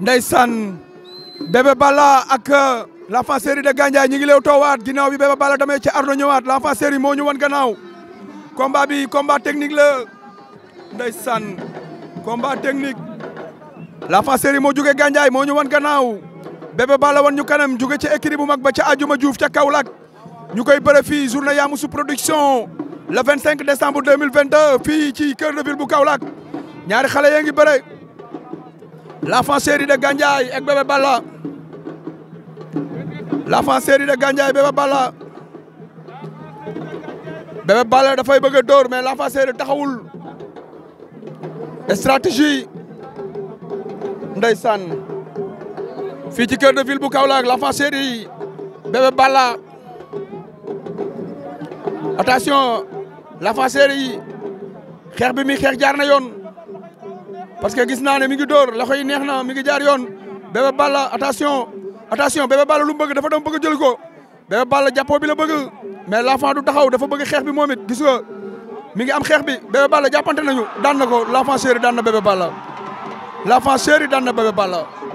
ndeysaan Bébé Balla ak euh, l'enfant chéri de Gandiaye ñi ngi leew toowaat ginnaaw bi Bébé Balla damee ci Ardo ñëwaat l'enfant chéri moo ñu wan gannaaw combat bi combat technique la ndeysaan combat technique l'enfant chéri moo jóge Gandiaye moo ñu wan gannaaw Bébé Balla wan ñu kanam jóge ci écrit bu mag ba ca Ajuma Diouf ca Kaolack ñu koy bëre fii journée su production le 25 décembre 2022 fii ci cœur de ville bu Kaolack ñaari xale yaa ngi bëre l'enfant série de Gandjay et Bébé Bala. l'enfant série de Gandjay, Bébé Bala. Bébé bala fait bëgg de dor mais l'enfant fancerie de stratégie ndeysaan fii ci de ville bu La l'enfant Bébé Bala. attention l'enfant série Kherbimi bi parce que gis naa ne mi ngi dóor loxo yi neex na mi ngi jaar yoon Bébé Balla attention attention Bébé Balla lu mu bëgg dafa dem bëgg a jël ko Bébé Balla jàppoo bi la bëgg mais l'enfant du taxaw dafa bëgg xeex bi moom it gis nga mi ngi am xeex bi Bébé Balla jàppante ñu daan na ko l'enfant chéri daan na Bébé Balla l'enfant chéri daan na Bébé Balla